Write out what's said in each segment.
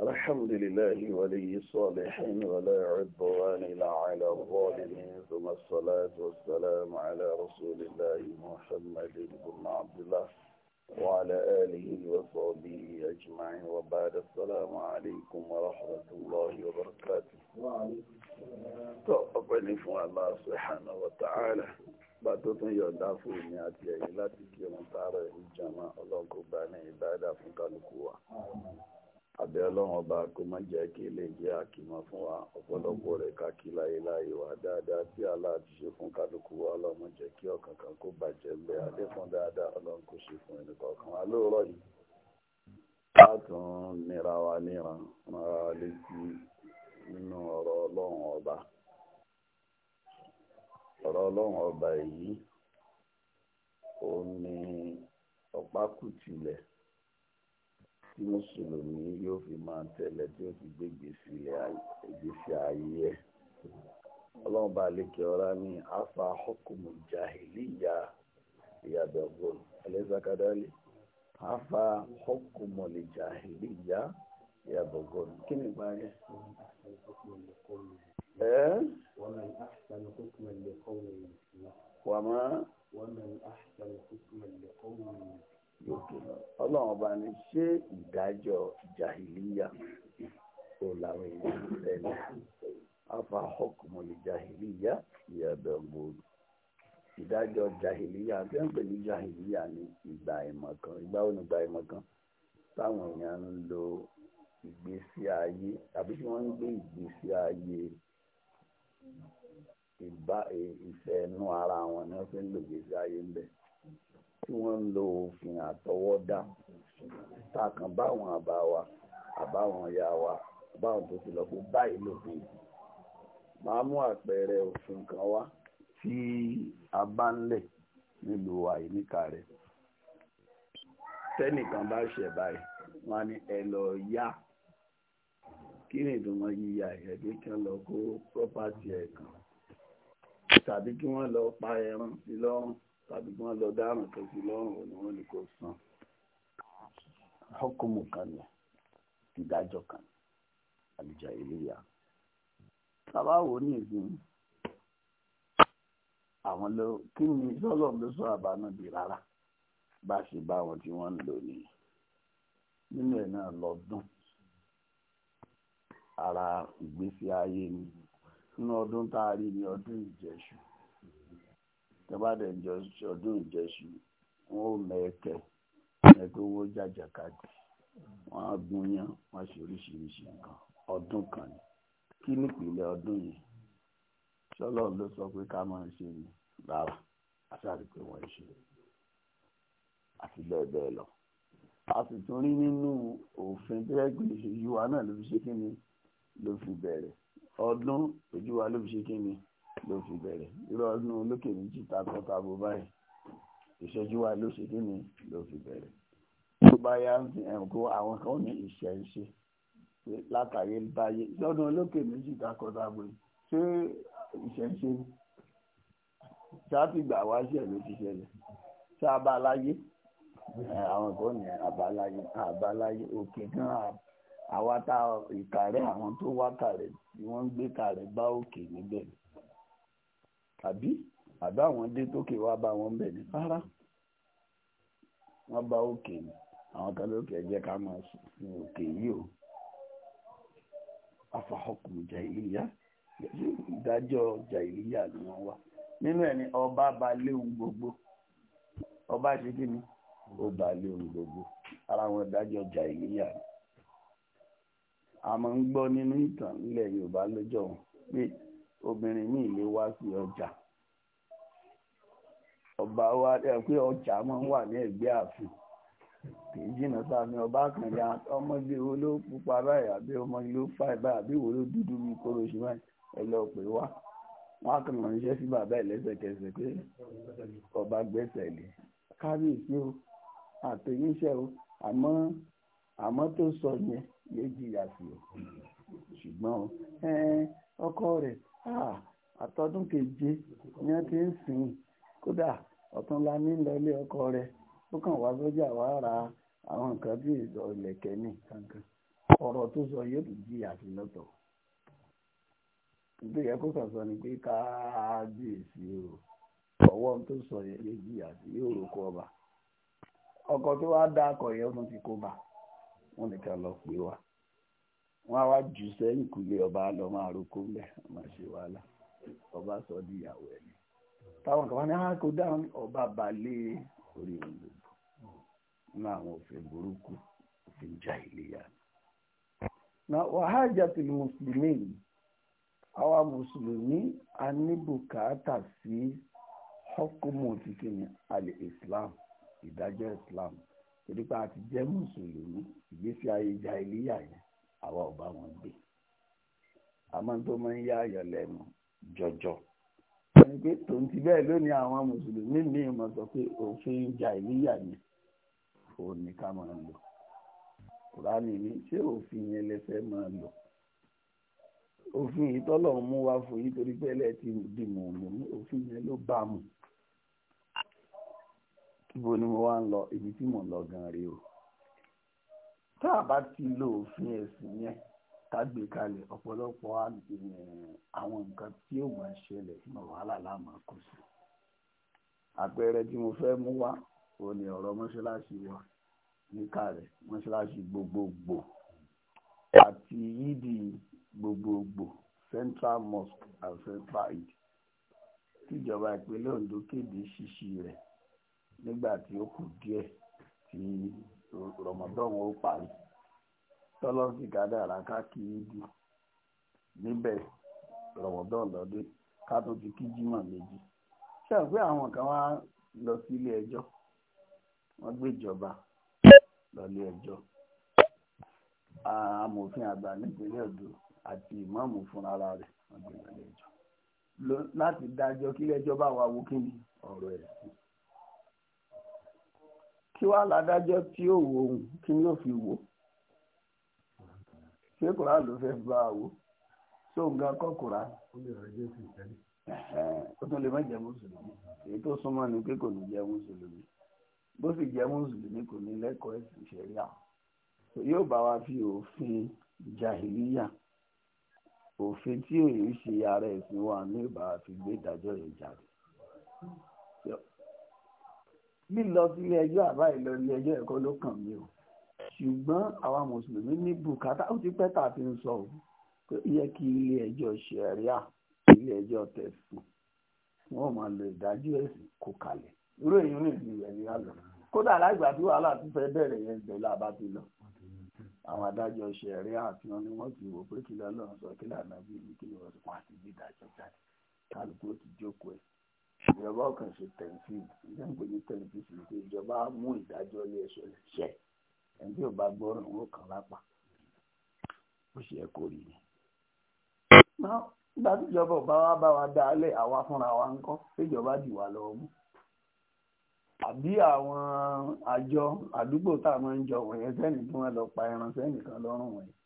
الحمد لله ولي الصالحين ولا عدوان إلا على الظالمين ثم الصلاة والسلام على رسول الله محمد بن عبد الله وعلى آله وصحبه أجمعين وبعد السلام عليكم ورحمة الله وبركاته وعليكم السلام تقبل الله سبحانه وتعالى bá tó tún yọ̀ǹda fún mi àti ẹ̀yin láti kí wọn tààrọ̀ ẹ̀yìn jàmá ọlọ́run kó ní fún kálukú wa àbẹ́ ọlọ́run ọba kó má jẹ́ kí ilé jẹ́ àkìmọ̀ fún wa ọ̀pọ̀lọpọ̀ rẹ̀ láyé láyé wa dáadáa tí Allah ṣe fún kálukú wa ọlọ́run jẹ́ kí ọkàn kan kó bàjẹ́ dáadáa ọlọ́run kó ṣe fún ẹnì kọ̀ọ̀kan wa lóòrọ̀ yìí látún ọ̀rọ̀ ọlọ́run ọba yìí òun ni ọ̀pákùtìlẹ̀ tí mùsùlùmí yóò fi máa tẹ̀lé tí ó fi gbé ìgbésí ayé ẹ̀ ọlọ́run bá lékè ọ̀rá ní afa hukumul jahiliya ìyàbẹ̀gbọ́n ẹlẹ́sàkádálì afa hukumul jahiliya ìyàbẹ̀gbọ́n kí ni ìgbà yẹn. ومن أحسن حكما لقوم يسمعون وما ومن أحسن حكما لقوم يسمعون ọlọ́run ọba ni ṣé ìdájọ́ jahiliya ò làwọn èèyàn ń tẹ̀lé afa hukmul jahiliya yabghun ìdájọ́ jahiliya tí wọ́n pè ní jahiliya ní ìgbà ìmọ̀ ìgbà òní ìgbà ìmọ̀ táwọn èèyàn ń lo ìgbésí ayé tàbí tí wọ́n ń gbé ìgbésí ayé ìbá ìfẹ́ ẹnu ara wọn ni wọ́n fi ń lò gbèsè ayé ń bẹ̀ tí wọ́n ń lo òfin àtọwọ́dá takàn báwọn àbá wa àbáwọn ìyá wa báwọn tó ti lọ pé báyìí lòfin máa mú àpẹẹrẹ òfin kan wá tí a bá ń lẹ̀ nílùú àyíníkà rẹ̀ tẹ́nìkan bá ṣẹ̀ báyìí wọ́n á ní ẹ lọ yá kí ni ìdùnnú yíya ẹ̀ bí kí wọ́n lọ kó property ẹ̀ kan tàbí kí wọ́n lọ pa ẹran sí lọ́rùn tàbí kí wọ́n lọ dáràn tó sí lọ́rùn òní wọ́n ní kò san hukumu kan ni ìdájọ́ kan àlùjá iléyà bàbá wo ní ìsìn àwọn ló kí ni sọ́lọ̀ ló sọ àbánúbi rárá bá ṣe bá wọn tí wọ́n ń lò nìyí nínú ẹ̀ náà lọ́dún ara ìgbésí ayé ni nínú ọdún tá a rí ní ọdún ìjẹṣu tẹ́bàdẹ̀ ọdún ìjẹṣu wọn ò mẹ́ẹ̀kẹ́ ẹgbẹ́ owó jàjàkadì wọn á gúnyán wọn ṣe oríṣiríṣi nǹkan ọdún kan ni kí nípìnlẹ̀ ọdún yìí ṣọlọ́ ló sọ pé ká máa ṣe ni rárá àṣàrí pé wọ́n ṣe àti bẹ́ẹ̀ bẹ́ẹ̀ lọ a sì tún rí nínú òfin tó yẹ pé ìṣèyí wa náà ló fi ṣe kí ni ló fi bẹ̀rẹ̀ ọdún ojú wa ló fi ṣe kíni ló fi bẹ̀rẹ̀ irú ọdún olókè méjì takọtabo báyìí ìṣẹ́jú wa ló ṣe kíni ló fi bẹ̀rẹ̀ tó bá yá ń fi ẹ̀rùn kó àwọn kan ní ìṣẹ̀ǹṣe látàrí báyé lọ́dún olókè méjì takọtabo ṣé ìṣẹ̀ǹṣe sátìgbà wá ṣẹ̀ ló ti ṣẹlẹ̀ sábà láyé àwọn kan ní àbáláyé àbáláyé òkè kan àbá awata tá ìkàrẹ́ àwọn tó wá kàrẹ́ tí wọ́n ń gbé kàrẹ́ bá òkè níbẹ̀ àbí àbá àwọn dé tókè wá bá wọn bẹ̀ ní wọ́n ni àwọn kan lókè ẹ̀jẹ̀ ká máa sùn òkè yìí o afahọ́kùn jàìlíyà ìdájọ́ jàìlíyà ni wọ́n wá nínú ẹ̀ ni ọba léwu gbogbo ọba ṣe kí ni ó gbogbo ara wọn ìdájọ́ jàìlíyà ni. àmọ́ ń gbọ́ nínú ìtàn ilẹ̀ Yorùbá lọ́jọ́ wọn pé obìnrin míì lè wá sí ọjà ọba wa pé ọjà máa ń wà ní ẹ̀gbẹ́ ààfin kì í jìnnà sáàmì ọba kan ya ọmọdé wo ló pupa báyìí àbí ọmọdé ló fà báyìí àbí wo ló dúdú bí kóró ṣe báyìí ẹ lọ pè wá wọn kàn án iṣẹ́ sí bàbá ẹ̀ lẹ́sẹ̀kẹsẹ̀ pé ọba gbẹ́sẹ̀ lé kábíyèsí o àtẹ̀yìnṣẹ́ o àmọ́ àmọ́ tó sọ yẹn yóò jìyà sí o ṣùgbọ́n ọkọ rẹ̀ àtọdún keje ni wọ́n ti ń sìn kódà ọ̀túnla ní ọkọ rẹ̀ ó kàn wá wá ra àwọn nǹkan bí ìdọ̀ kankan ọ̀rọ̀ tó sọ yóò tún jìyà sí lọ́tọ̀ nítorí ẹ kó kàn sọ ni pé o ọwọ́ tó sọ yẹn yóò jìyà sí yóò ọba ọkọ̀ tó wá dá akọ̀ yẹn ó wọ́n ní ká lọ pè wá wọ́n á wá jù sẹ́yìn ọba lọ máa roko ṣe wàhálà ọba sọ di ìyàwó wee táwọn kan wá ní ah, dáhùn ọba balẹ̀ orí òun gbogbo nínú àwọn òfin burúkú òfin já ilé na wàhájà tí mùsùlùmí àwa mùsùlùmí a sí hukumu ní alẹ́ islam ìdájọ́ islam torí pé a ti jẹ́ mùsùlùmí ìgbésí ayé ja iléyà yẹn àwa ò bá wọn gbé àmọ́ tó máa ń yá ayọ̀ lẹ́nu jọjọ ẹni pé tòun ti bẹ́ẹ̀ lónìí àwọn mùsùlùmí mi mọ̀ sọ pé òfin ja iléyà yẹn òun ni ká máa lò kùránì ni ṣé òfin yẹn lẹ́fẹ́ máa lò òfin ìtọ́lọ̀ mú wá fún yín torí pé ẹlẹ́ẹ̀tì dìmọ̀ òmùmí òfin yẹn ló bá mu ibo ni mo wá ń lọ ibi tí mò ń lọ gan rèé o tá a bá ti lo òfin ẹ̀sìn yẹn tágbé kalẹ̀ ọ̀pọ̀lọpọ̀ eh, àwọn nǹkan tí ó máa ṣẹlẹ̀ nínú wàhálà láàmú kù sí àpẹẹrẹ tí mo fẹ́ mú wá ò ní ọ̀rọ̀ mọ́ṣáláṣí wa níka rẹ̀ mọ́ṣáláṣí gbogbogbò àti yídi gbogbogbò central mosque and central aid tíjọba ìpínlẹ̀ Ondo kéde ṣíṣí rẹ̀ nígbà tí ó kù díẹ̀ tí rọmọdán ó parí tọ́lọ́sì kádàrá ká dù níbẹ̀ rọmọdán ti kí jímọ̀ méjì ṣe àpé àwọn kan wá lọ sí ilé ẹjọ́ wọ́n lọ ẹjọ́ amòfin àgbà nípínlẹ̀ Oǹdó àti ìmọ̀ọ́mù fúnra rẹ̀ wọ́n gbé lọ ẹjọ́ láti dájọ́ kílẹ̀ ẹjọ́ bá kí wàá ládájọ́ tí ò wò òun kí ni ó fi wò ṣé kura ló fẹ́ bá a wò ṣó ń ga kọ́ kura ó tún lè má jẹ́ mùsùlùmí èyí tó súnmọ́ ni pé kò ní jẹ́ mùsùlùmí bó sì jẹ́ mùsùlùmí kò ní lẹ́kọ̀ọ́ ẹ̀sìn ṣẹ̀ríà yóò bá wa fi òfin jahiliya òfin tí èyí ṣe ara ẹ̀sìn wa ní ìbá fi gbé ìdájọ́ yẹn jáde lílọ sílé ẹjọ́ àbá ìlọ ilé ẹjọ́ ẹ̀kọ́ ló kàn mí o ṣùgbọ́n àwa mùsùlùmí ní bùkátà ó ti pẹ́ tà fi ń sọ o pé yẹ kí ilé ẹjọ́ ṣẹ̀ríà ilé ẹjọ́ tẹ̀sù wọn máa lo ìdájọ́ ẹ̀sìn kó kalẹ̀ irú èyí rìn sí ẹ̀rí àlọ́ kódà láìgbà tí wàhálà ti fẹ́ bẹ̀rẹ̀ yẹn bẹ̀ lába ti lọ àwọn adájọ́ ṣẹ̀ríà àti wọn ni wọ́n ti wò pé kí lọ́lọ́run sọ kí lànà bí kí lọ́run sọ ìjọba ọkàn ṣe tẹ̀síìd ìjọba ń pèjì tẹ̀síìd sí ìjọba mú ìdájọ́ ilé ẹ̀ṣọ́ ṣẹ ẹni tí ò wọn kàn lápá ó ṣe ẹ rí ni. nígbà tí ìjọba ọba wa bá wa dá alẹ́ àwa fúnra wa ń kọ́ síjọba dì wá lọ́wọ́ mú àbí àwọn àjọ àdúgbò tá a máa ń jọ wọ̀nyẹn sẹ́ni tí wọ́n lọ pa ẹran sẹ́nìkan lọ́rùn wọ̀nyẹn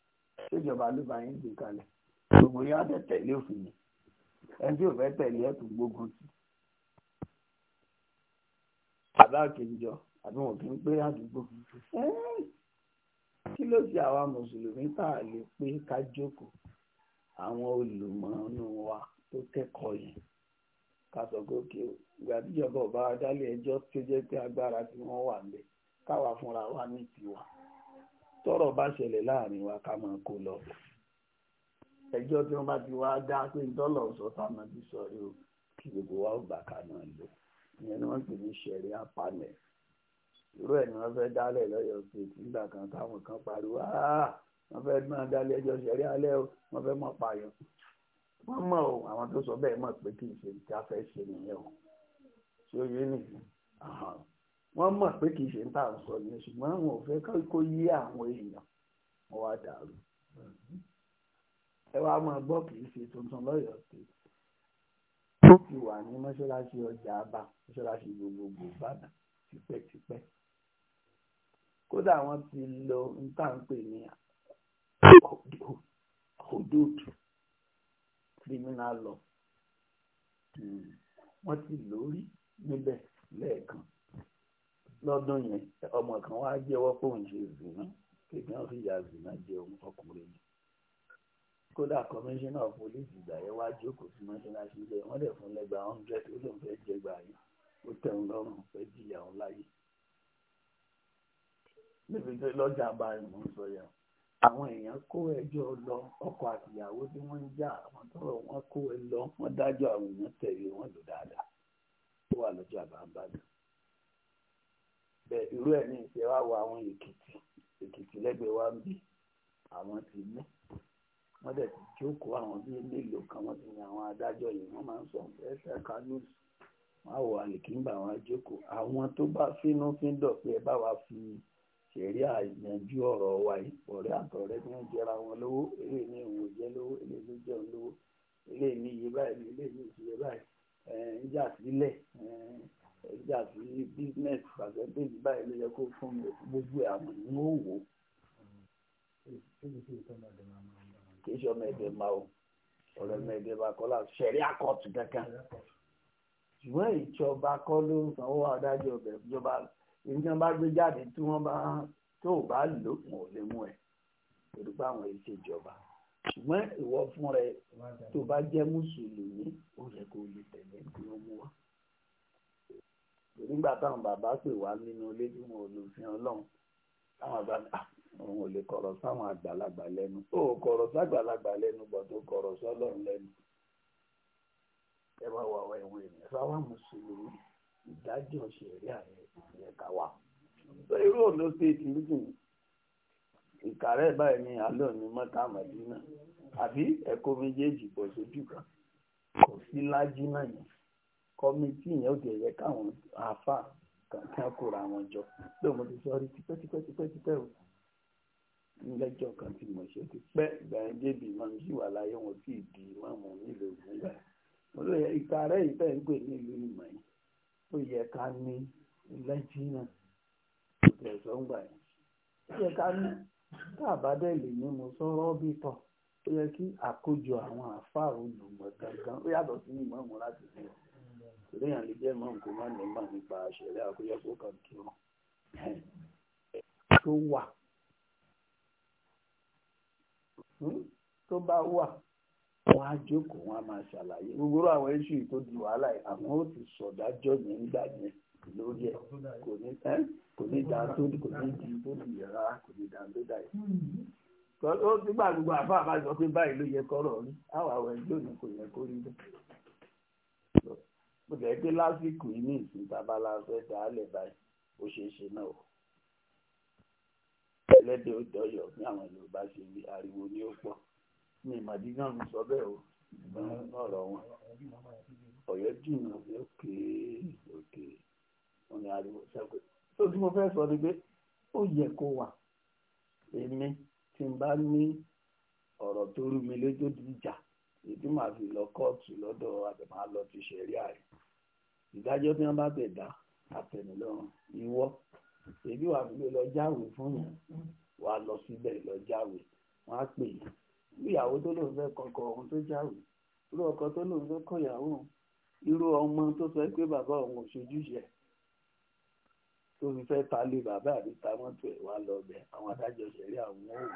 síjọba ló bá yín gbé kalẹ̀ gbogbo yín á tẹ̀ tẹ̀lé òfin yẹn àbá òkèjọ àbí wọn kì í pé àdúgbò kí ló ṣe àwa mùsùlùmí tá a lè pé ká jókòó àwọn olùmọ̀ọ́nù wa tó kẹ́kọ̀ọ́ yẹn ká sọ pé kí ìgbà tíjọba ọba dálé ẹjọ́ tó jẹ́ pé agbára tí wọ́n wà ń bẹ káwa fúnra wa ní tiwa Tọrọ bá ṣẹlẹ̀ láàrin wa ká máa kó lọ ẹjọ́ tí wọ́n bá ti wá dá pé ń tọ́lọ̀ sọ táwọn ti sọ rí o kí gbogbo wa ó gbà ká náà lò. ìyẹn ni wọ́n pè ní ṣẹ̀rí àpalẹ̀ irú ẹ̀ ni wọ́n fẹ́ dálẹ̀ lọ́yọ̀ stéètì nígbà kan táwọn kan pariwo wọ́n fẹ́ máa dálẹ̀ ẹjọ́ ṣẹ̀rí alẹ́ o wọ́n fẹ́ mọ̀ pààyàn wọ́n mọ̀ o àwọn tó sọ bẹ́ẹ̀ mọ̀ pé kì í ṣe tí a fẹ́ ṣe nìyẹn o ṣé o yé nìyẹn wọ́n mọ̀ pé kì í ṣe ń tà ń sọ yẹn ṣùgbọ́n àwọn ò fẹ́ kó yé àwọn èèyàn wọ́n wá dàrú ẹ wá máa gbọ́ kì í ṣe tuntun lọ́yọ̀ stéètì tó ti wà ní mọ́ṣáláṣí ọjà àbá mọ́ṣáláṣí gbogbogbò Ìbàdàn tipẹ́tipẹ́ kódà wọ́n ti lọ ntàǹpè ní hudud criminal law hmm, wọ́n ti lórí níbẹ̀ lẹ́ẹ̀kan lọ́dún yẹn ọmọ kan wá jẹ́wọ́ pé òun ṣe zìnà kéèyàn fìyà zìnà jẹ òun ọkùnrin yìí kódà kọmíṣánná pólíìsì ìgbà yẹn wá jókòó sí mọ́ṣáláṣí ilé wọ́n dẹ̀ fún lẹ́gbàá hundred ó lóun fẹ́ẹ́ jẹgbà yẹn ó tẹ̀wọ́n lọ́rùn fẹ́ jìyà òun láyé níbi tó lọ́jà bá ìmọ̀ ń sọ yẹn àwọn èèyàn kó ẹjọ́ lọ ọkọ àtìyàwó tí wọ́n ń jà àwọn tọrọ wọn kó ẹ lọ wọ́n dájọ́ àwọn èèyàn tẹ̀lé wọn lò dáadáa tó wà lọ́jọ́ àbámbádùn bẹ́ẹ̀ irú ẹ̀ ní ìṣe wá wọ àwọn èkìtì èkìtì lẹ́gbẹ̀ẹ́ wa ń bí àwọn ti ní wọ́n dẹ̀ jókòó àwọn bíi mélòó kan wọ́n ti yan àwọn adájọ́ yìí wọ́n máa ń sọ ẹsẹ̀ kanúùsì wọ́n á wọ àlìkíngbà wọn á jókòó àwọn tó bá fínú fíndọ̀ pé ẹ bá wa fi ṣẹ̀rí àyànjú ọ̀rọ̀ wa yìí ọ̀rẹ́ àtọ̀rẹ́ ní jẹra wọn lówó eré ní òun jẹ́ lówó eré ló jẹun lówó eré ní iye báyìí ní eré ní ìṣiye báyìí ń jà sílẹ̀ ń jà sí business percentage báyìí ló yẹ kó fún mi gbogbo àwọn ìwọ̀n òwò kì í ṣe ọmọ èdè máa o ọ̀rọ̀ ọmọ èdè bá kọ́ láti ṣẹ̀rí àkọ́tù kankan ṣùgbọ́n ìjọba kọ́ ló ń sanwó adájọ́ ọbẹ̀ ìjọba ìjọba bá gbé jáde tí wọ́n bá tó o bá lò wọn ò lè mú ẹ̀ torí pé àwọn èsì ìjọba ṣùgbọ́n ìwọ fún rẹ tó bá jẹ́ mùsùlùmí ó yẹ kó lè tẹ̀lé tí wọ́n mú wa nígbà táwọn bàbá pè wá nínú ilé tí wọn ò lò fi hàn àwọn àgbàlagbà ah, òun ò lè kọ̀rọ̀ sáwọn àgbàlagbà lẹ́nu ó kọ̀rọ̀ ságbàlagbà lẹ́nu bọ̀ tó kọ̀rọ̀ sọ́lọ́run lẹ́nu ẹ bá wà wá ìwé rẹ̀ sáwọn mùsùlùmí ìdájọ́ ṣẹ̀rí ààrẹ ìyẹn ká wà. sọ irú ọ̀nà stéètì lùdùn ìkàrẹ́ báyìí ní alẹ́ òní mọ́ta àmàdínà àbí ẹ̀kọ́ méjèèjì bọ̀ sójú kan kò sí lájú náà yẹn kọ́mítì yẹn ó ti ẹ̀yẹ káwọn àáfàá kan kóra wọn jọ pé mo ti sọrí tipẹ́ o lẹ́jọ́ kan tí mo ṣe ti pẹ́ ìgbà yẹn débi máa ń yí láyé wọn tí ìdí máa mọ̀ nílò ìgbà mo yẹ ìta yìí ń ìmọ̀ yìí ó yẹ ká ní lẹ́jì náà kò tẹ̀ sọ ń gbà yẹn ó yẹ ká ní tá lè ní mo torí lè jẹ́ ní mọ̀ nípa àṣẹlẹ̀ àkóyọ kó kàn kí wọn tó wà tó hmm? bá wà wọn á jókòó á máa ṣàlàyé gbogbo àwọn iṣu tó di wàhálà yìí àwọn ó ti yẹn nígbà yẹn lórí kò ní ẹ kò ní da tó kò ní di tó di yàrá kò ní da tó dà ó nígbà gbogbo àfa àbájọ pé báyìí ló yẹ kọ́rọ̀ bó jẹ́ pé lásìkò yìí ní ìsìn tábàlà fẹ́ dálẹ̀ báyìí ó ṣeé ṣe náà o ẹlẹ́dẹ̀ ó dọ̀yọ̀ ní àwọn Yorùbá ṣe wí ariwo ni ó pọ̀ ní ìmọ̀dí náà ń sọ bẹ́ẹ̀ o ìgbọ́n ọ̀rọ̀ wọn ọ̀yọ́ jìnnà òkè òkè wọn ni ariwo ṣẹ́kù tó tí mo fẹ́ sọ ni pé ó yẹ kó wà èmi tí n bá ní ọ̀rọ̀ tó rú mi lójú ìjà ìdí màá fi lọ kóòtù lọ́dọ̀ àtẹ̀mọ́ àlọ́ ti ṣẹ̀rí ààrẹ ìdájọ́ tí wọ́n bá tẹ̀ dá àtẹ̀mílọ́rùn ìwọ èbí wàá fi lọ jáwé fún yẹn wàá lọ síbẹ̀ lọ jáwé wọ́n á pè é bí ìyàwó tó lóun fẹ́ kọ́kọ́ òun tó jáwé irú ọkọ tó lóun fẹ́ kọ́ ìyàwó irú ọmọ tó sọ pé bàbá òun ò ṣojúṣe tó fi fẹ́ ta lé bàbá àbí ta mọ́tò ẹ̀ wá lọ bẹ̀ àwọn adájọ́ ṣẹ̀rí àwọn òun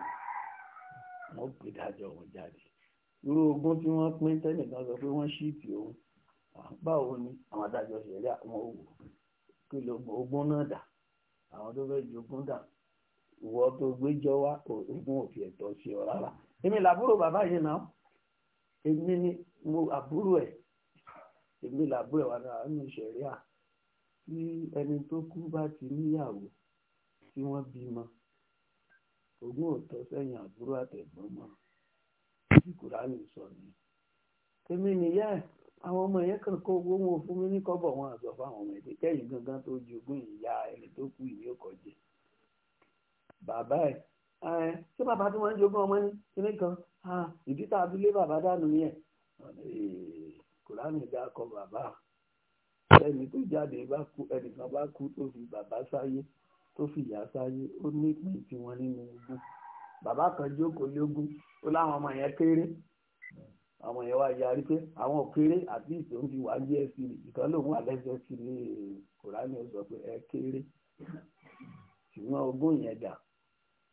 wọn pè dájọ́ wọn jáde irú ogún tí wọ́n pín tẹ́nìkan sọ pé wọ́n ṣíìtì òun báwo ni àwọn adájọ́ ṣẹlẹ̀ àwọn òwò kí ló mọ ogún náà dà àwọn tó fẹ́ẹ́ jogún dà ìwọ tó gbéjọ wá ogún òfin ẹ̀tọ́ ṣe ọ rárá èmi làbúrò bàbá yìí náà èmi ni mo àbúrò ẹ̀ èmi làbúrò wà náà nínú ìṣẹ̀rí à tí ẹni tó kú bá ti níyàwó tí wọ́n bímọ ogún ò sẹ́yìn àbúrò àtẹ̀gbọ́n mọ́ bí kùránì sọ ni èmi nìyá ẹ àwọn ọmọ yẹn kàn kó owó wọn fún mi ní kọ́bọ̀ wọn àgbà fáwọn ọmọ ẹ̀dẹ́ kẹ́yìn gangan tó jogún ìyá ẹni tó kú ìní ọkọ̀ jẹ bàbá ẹ ẹ ṣé bàbá tí wọ́n ń jogún ọmọ ní kíní kan ìdí tá a fi lé bàbá dànù yẹn kùránì dá kọ bàbá ẹni tó jáde bá kú ẹnìkan bá kú tó fi bàbá sáyé tó fi ìyá sáyé ó nípìn tiwọn nínú ogún bàbá kan jókòó lógún ó láwọn ọmọ yẹn kéré àwọn yẹn wá yarí pé àwọn òkéré àti ìtòun ti wà ní ẹsì rè ìkan lòun àlẹsẹ sí ní kòránì ó sọ pé ẹ kéré ṣùgbọ́n ogún yẹn dà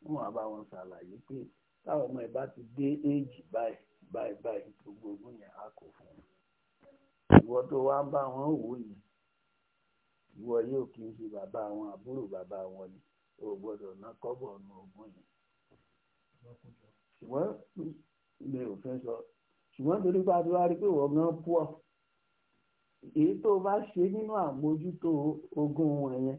wọn wá bá wọn ṣàlàyé pé táwọn ọmọ ẹ bá ti dé éèjì báyìí báyìí báyìí gbogbo ogún yẹn á kò fún un ìwọ tó wá bá wọn wò yìí ìwọ yóò kí n ṣe bàbá wọn àbúrò bàbá wọn ni o gbọ́dọ̀ ná kọ́bọ̀ ọ̀nà ogún yẹn ṣùgbọ́n ilé ò fẹ́ sọ ṣùgbọ́n torí pé a ti wá rí pé wọ́n gan pọ̀ èyí tó o bá ṣe nínú àmójútó ogún wọn yẹn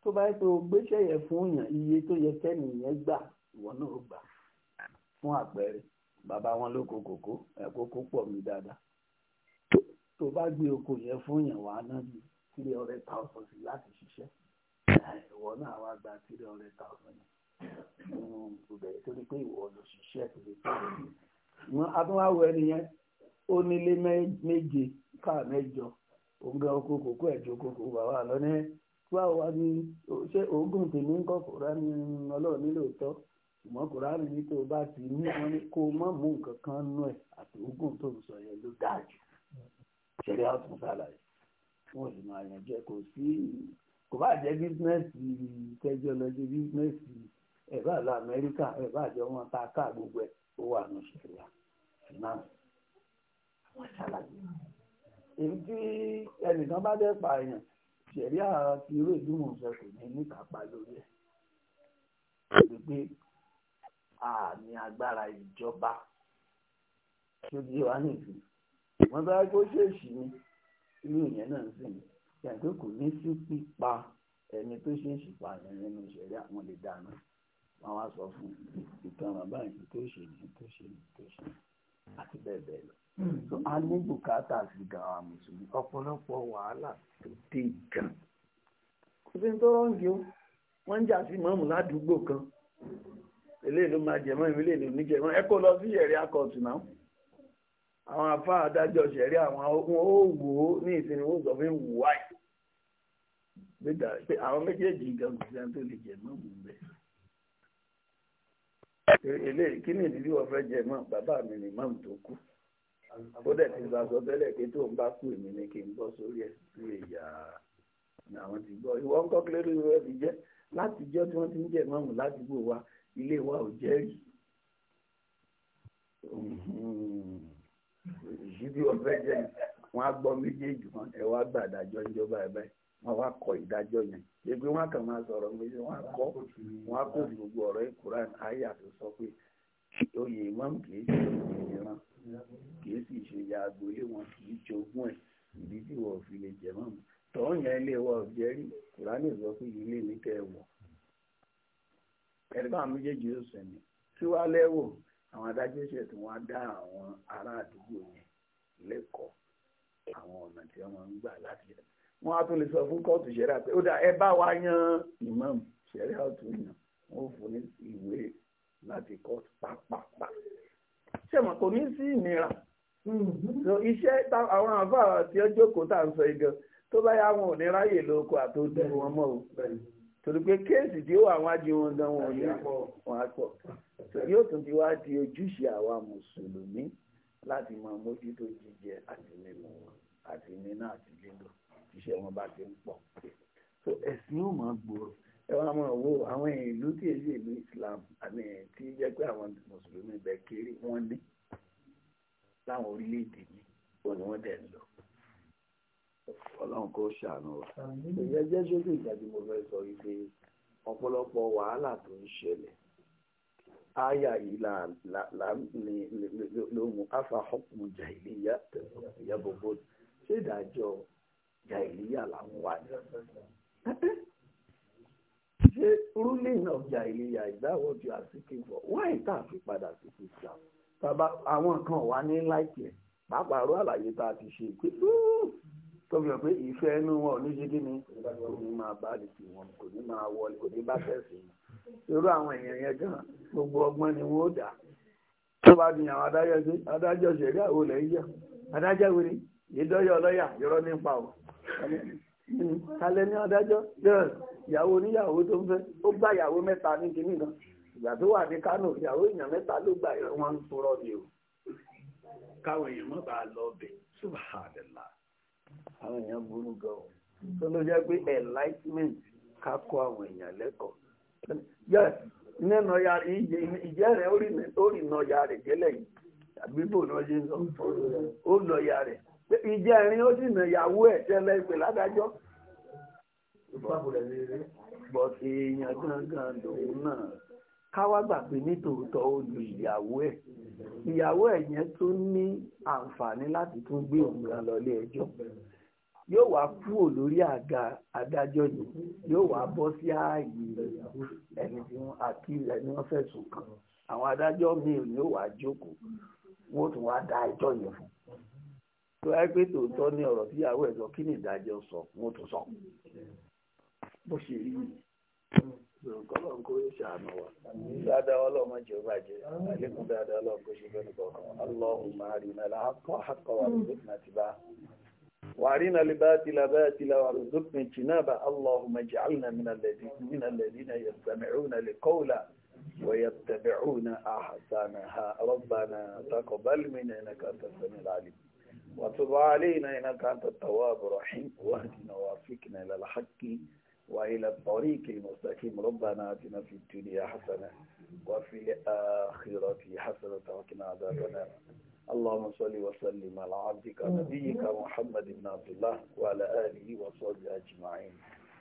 tó bá yẹ o gbéṣẹ́ yẹn fún yàn iye tó yẹ kẹ́nìyàn gbà ìwọ náà ó gbà fún àpẹẹrẹ bàbá wọn ló kó kòkó ẹ̀kọ́ kó pọ̀ mí dáadáa tó bá gbé oko yẹn fún yàn wàá ná bíi three hundred thousand láti ṣiṣẹ́ ìwọ náà wàá gba three hundred thousand nínú ibẹ̀ torí pé ìwọ ló ṣiṣẹ́ torí pé wọn adúláwọ̀ ẹni yẹn ó nílé méje káà mẹ́jọ òǹgà oko kòkó ẹ̀jọ̀ kòkó bàbá àlọ́ ní báwo wá ní ṣé oògùn tèmi ń kọ́ Kùránì ọlọ́run nílò tọ́ ṣùgbọ́n Kùránì ní tó bá ti ní wọn ní kó má mú nǹkan kan nú ẹ̀ àti oògùn tó ń sọ yẹn ló dáa jù ṣẹlẹ̀ àtún ṣàlàyé wọn sì máa yànjẹ kò sí kò bá jẹ́ bísínẹ́sì tẹ́jọ́ lọ sí bísínẹ́sì ẹ̀ bá lọ amẹ́ríkà ẹ̀ bá jọ wọn ta ká gbogbo ẹ̀ ó wà ní ṣẹ̀ríà finance wọ́n ṣàlàyé èyí tí ẹnìkan bá dẹ́ pààyàn ṣẹ̀ríà ti irú ìdúmọ̀ọ́sẹ̀ kò ní níkàápa lórí ẹ̀ wípé àmì agbára ìjọba tó di wa nìsí wọn bá kó ṣèèṣì ni irú ìyẹn náà ń sìn yàtọ̀ kò ní sí pípa ẹni tó ṣèèṣì pààyàn nínú ìṣẹ̀lẹ̀ àwọn lè dáná wọ́n wá sọ fún ìtànà báyìí tó ṣe ní tó ṣe ní tó ṣe àti bẹ́ẹ̀ bẹ́ẹ̀ lọ. so a ní bùkátà sí gàwa mùsùlùmí ọ̀pọ̀lọpọ̀ wàhálà tó dé gan. kò sí tó rọ́ǹgì o wọ́n ń jà sí mọ́mù ládùúgbò kan eléyìí ló máa jẹ̀mọ́ ìwé eléyìí ló ní jẹ̀mọ́ ẹ kó lọ sí ẹ̀rí akọ̀tù náà àwọn afá adájọ́ ṣẹ̀rí àwọn ohun ó wò ó ní ìsinmi ó sọ fún wáì pé àwọn méjèèjì gan kò sí ẹni tó lè jẹ̀mọ́ mú bẹ́ẹ̀ eléyìí kí ni ìdílé wọn fẹ́ jẹ mọ́ bàbá mi ni mọ́mù tó kú ó dẹ̀ ti gbà sọ tẹ́lẹ̀ pé tó ń bá kú èmi ni kí n bọ́ sórí ẹ̀ sí ìyá àwọn ti gbọ́ ìwọ ńkọ́ kílé lórí rẹ̀ ti jẹ́ láti jọ́ tí wọ́n ti ń jẹ mọ́mù ládùúgbò wa ilé wa ò jẹ́rìí ìdílé wọn fẹ́ jẹ wọn á gbọ́ méjèèjì wọn ẹ wá gbàdájọ́ ìjọba ẹ̀ báyìí wọn wá kọ ìdájọ́ yẹn gbégbé wọn kàn máa sọ̀rọ̀ méjì wọn kọ wọn kó gbogbo ọ̀rọ̀ ìkúrán àyà tó sọ pé oyè imam kìí ṣe ìran kìí sì ṣe ìyá agboolé wọn kìí jogún ẹ ìdí tí wọn ò fi lè jẹ mọmọ tọ́hún yẹn ilé wa ò jẹ́rí kùránì sọ pé ilé mi tẹ́ ẹ wọ̀ ẹ̀rọ méjèèjì ó sẹ̀ ni tí wàá lẹ́wọ̀ àwọn adájọ́ ṣe tí wọ́n á dá àwọn ará àdúgbò yẹn lẹ́kọ̀ọ́ àwọn ọ̀nà tí wọ́n gbà láti wọ́n á tún lè sọ fún kóòtù ṣẹ̀rí àpẹ́ ó ẹ bá wa yan imam ṣẹ̀rí àtún yàn wọ́n fún ní ìwé láti kóòtù pàpàpà ṣẹ̀mọ̀ kò ní sí ìnira mm-hmm. iṣẹ́ àwọn àfáà tí ó jókòó tá à ń sọ igan tó bá yá wọn ò ní ráyè lóko àtòdú wọn mọ́ o torí pé kéèsì tí ó wà wájú wọn gan wọn ò ní wọn á pọ̀ yóò tún ti wá di ojúṣe àwa mùsùlùmí láti máa mójútó jíjẹ àti mímu àti níná àti lílo iṣẹ́ wọn bá ti ń pọ̀ so ẹ̀sìn ò máa gbòòrò ẹ wá máa wo àwọn ìlú tí èyí ìlú Islam àmì tí jẹ́ pé àwọn mùsùlùmí bẹ̀ kéré wọ́n ní láwọn orílẹ̀-èdè ní ó ní wọ́n dẹ̀ ń lọ ọlọ́run kó ṣàánú wa ìyẹn jẹ́ sókè ìgbà tí mo fẹ́ sọ wípé ọ̀pọ̀lọpọ̀ wàhálà tó ń ṣẹlẹ̀ aya yìí ló mú afa hukmu jahiliya yabogbo ṣé ìdájọ́ jàìlíyà làwọn wà ní. ṣé ruling of jàìlíyà is that what you are seeking for why tá a fi padà sí Islam tàbá àwọn kan wà ní láìpẹ́ ẹ̀ pàápàá ru àlàyé tá a ti ṣe pé tó fi hàn pé ìfẹ́ inú wọn ò ní ṣe kí ni kò ní máa bá lè fi wọn kò ní máa wọlé kò ní bá tẹ̀sí irú àwọn èèyàn yẹn gan gbogbo ọgbọ́n ni wọ́n dà tó bá di àwọn adájọ́ sí adájọ́ ṣẹ̀rí àwọn olè ń yẹ adájọ́ ìdọ́yọ̀ ọlọ́yà yọrọ nípa ọ̀ kalẹ̀ mm, ní adájọ́ náà ìyàwó oníyàwó tó ń gba ó gbá ìyàwó mẹ́ta ní kinní kan ìgbà tó wà ní Kánò ìyàwó èèyàn ló gbà ń ni o káwọn èèyàn má bàa lọ bẹ̀ subhanallah àwọn èèyàn burú gan-an tó ló jẹ́ pé enlightenment ká kọ́ àwọn èèyàn lẹ́kọ̀ọ́ ya ìjẹ́ rẹ̀ ó rìnà ya rẹ̀ ìjẹ́ ẹ̀rin ó dìnà ìyàwó ẹ̀ tẹ́lẹ̀ ìpè ládájọ́ bọ̀tí èèyàn gangan lòun náà káwá gbà pé nítòótọ́ ó lu ìyàwó ẹ̀ ìyàwó ẹ̀ yẹn tún ní àǹfààní láti tún gbé òun kan lọlé ẹjọ́ yóò wá kúrò lórí àga adájọ́ yìí yóò wá bọ́ sí ààyè ẹni tí wọ́n àti ẹni wọ́n fẹ̀sùn kàn àwọn adájọ́ míì yóò wá jókòó wọ́n tún wá dá ẹjọ́ yẹn fún tó yẹ pé tòótọ́ ní ọ̀rọ̀ tí ìyàwó ẹ̀ sọ kí ni ìdájọ́ sọ mo tún sọ bó ṣe rí ọlọ́run kó ṣàánú wa dáadáa ọlọ́run má jẹ́ ó bàjẹ́ àlékún dáadáa ọlọ́run kó ṣe fẹ́ni kọ̀ọ̀kan Allahumma arina al-haqqa haqqan warzuqna ittiba'a وارنا الباطل باطلا وارزقنا اجتنابه اللهم اجعلنا من الذين من الذين يستمعون القول ويتبعون احسنها ربنا تقبل منا انك انت السميع العليم وتب علينا إنك أنت التواب الرحيم واهدنا وافقنا إلى الحق وإلى الطريق المستقيم ربنا آتنا في الدنيا حسنة وفي الآخرة حسنة وقنا عذاب النار اللهم صل وسلم على عبدك نبيك محمد بن عبد الله وعلى آله وصحبه أجمعين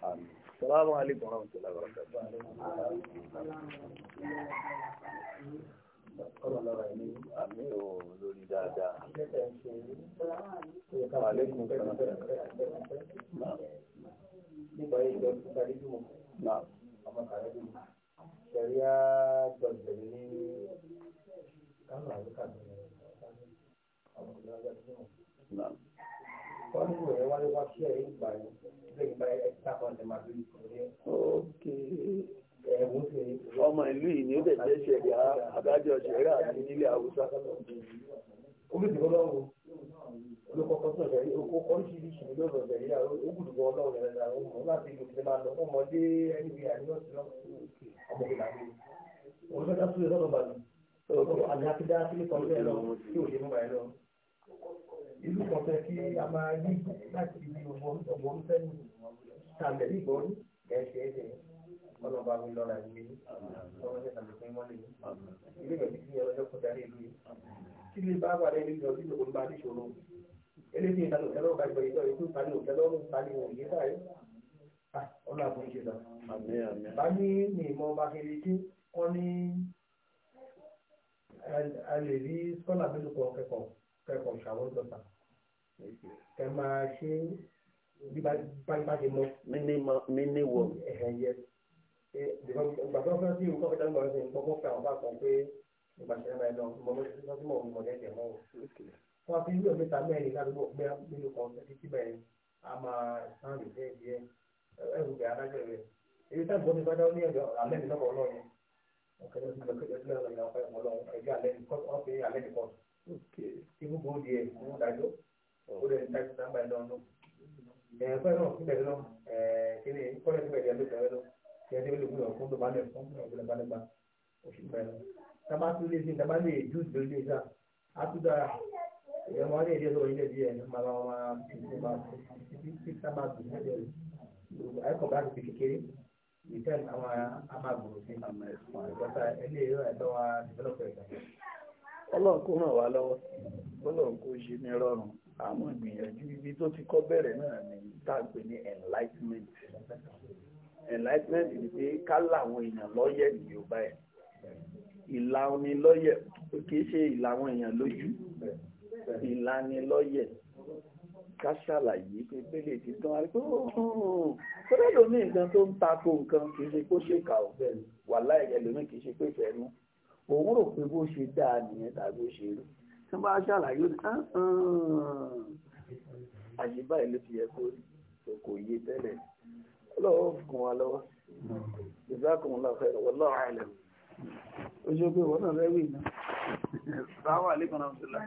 آمين السلام عليكم ورحمة الله وبركاته آمين dáadáa. Àlékún sọ̀rọ̀. Nípa ìjọ tó kárí jùmọ̀. Ọmọ kárí jùmọ̀. Ṣẹ̀ríà gbọ̀gbẹ̀ kan ti máa bí ìkórè. Ókè ọmọ ìlú yìí ni ó dẹ̀ jẹ́ ṣẹ̀rí adájọ́ ṣẹ̀rí àti nílẹ̀ Haúsá olùdí ọlọ́run olùkọ́kọ́ tó ọ̀dẹ̀ oko oríṣiríṣi ló lọ ọ̀dẹ̀ yìí àwọn ọlọ́run rẹ̀ náà wọn láti ìlú ìdílé lọ wọn mọ dé ẹni bíi àníyànjú náà ọmọ ìlà mi wọn fẹ́ ká tún lè sọ́dọ̀ bàbí ọ̀dọ̀ àdáfídá sílé kan bẹ́ẹ̀ lọ tí ò mú báyìí lọ. ìlú kan fẹ́ kí a máa yí láti ibi ọmọ ń fẹ́ni tàbí ìgbọ́n ọlọ́ba mi lọ́ra ìgbé ọmọdé tàbí fún ìmọ̀lẹ́ ilé ìgbẹ̀bí sílé bàbá rẹ nílò nínú òun bá níṣòro eléyìí ìlànà òtẹ́lọ́ ọ̀gá ìgbà ìjọ ìlú ìpàdé òtẹ́lọ́ ìpàdé òun yé báyìí ọ̀nà àbúrúṣe lọ. bá ní ní ìmọ̀ bá kiri tí wọ́n ní a lè rí sọ́là mélòó kan kẹ́kọ̀ọ́ kẹ́kọ̀ọ́ ṣàwọn dọ́ta kẹ máa ṣe bí bá ṣe mọ́. mi ní wọ. ẹ̀hẹ̀ yẹ. ìgbà tó fẹ́ sí ìwé kọ́kẹ́tà ń bọ̀ ẹ́ sẹ́yìn kọ́kọ́ fẹ́ àwọn nígbà tí wọn bá lọ mẹ́rin ládùúgbò gbé nínú kan títí síbẹ̀ a máa san lè díẹ̀ díẹ̀ ẹrù bẹ adájọ́ rẹ èyí tá ìbọn mi bá dáwọ́ ní ẹgbẹ́ alẹ́ mi lọ́wọ́ lọ́yẹn ọkẹlẹ ti lọ kẹlẹ ti lọ lọ́yẹn ọkọ ẹ̀wọ̀n lọ́wọ́ alẹ́ mi kọ́ ọ́ alẹ́ mi kọ́ tí gbogbo ó di ẹ̀ fún dájọ́ ó lẹ́ni tá ìtàn bá ẹ lọ́nu ẹ̀ẹ́dẹ́gbẹ́ náà taba tún lè ṣe taba lè dùn Atu lè sá a tún dára èèyàn wọn lè dé sọ ilé bí ẹni máa wọn máa fi máa fi fi sábà dùn ní ẹjọ́ rẹ àìkọ́ bá ti fi kékeré ìtẹ́n àwọn amágbòrò sí ìgbọ́ta ilé ìlú ẹ̀tọ́ wa dìbẹ́lọ́pẹ̀ ẹ̀ka. ọlọ́run kó ràn wá lọ́wọ́ ọlọ́run kó ṣe ní rọrùn àwọn ìgbìyànjú ibi tó ti kọ́ bẹ̀rẹ̀ náà ni tá à pè ní enlightenment enlightenment ni pé ká láwọn èèyàn lọ́yẹ̀ ní yorùbá ẹ̀ ìlanilọ́yẹ̀ kìí ṣe ìlàwọn èèyàn lójú ìlanilọ́yẹ̀ ká ṣàlàyé pé pélé ti tán a rí pé kọ́lẹ́ lómi nǹkan tó ń tako nǹkan kìí ṣe kó ṣèkà ò wà láìyẹ lómi kìí ṣe pé fẹ́ẹ́ mú òun rò pé bó ṣe dáa nìyẹn tàbí ó ṣe rí tí wọ́n bá ṣàlàyé ó ní ah, ah. àṣìbá ìlú ti yẹ kó kò yé tẹ́lẹ̀ ọlọ́wọ́ fún wa lọ́wọ́ ìzákùnrin lọ́fẹ̀ẹ́ wọ́n lọ́wọ́ àìlẹ́mù ojú pé wọ́n náà rẹ́wì náà sáwà lẹ́kọ̀ọ́ náà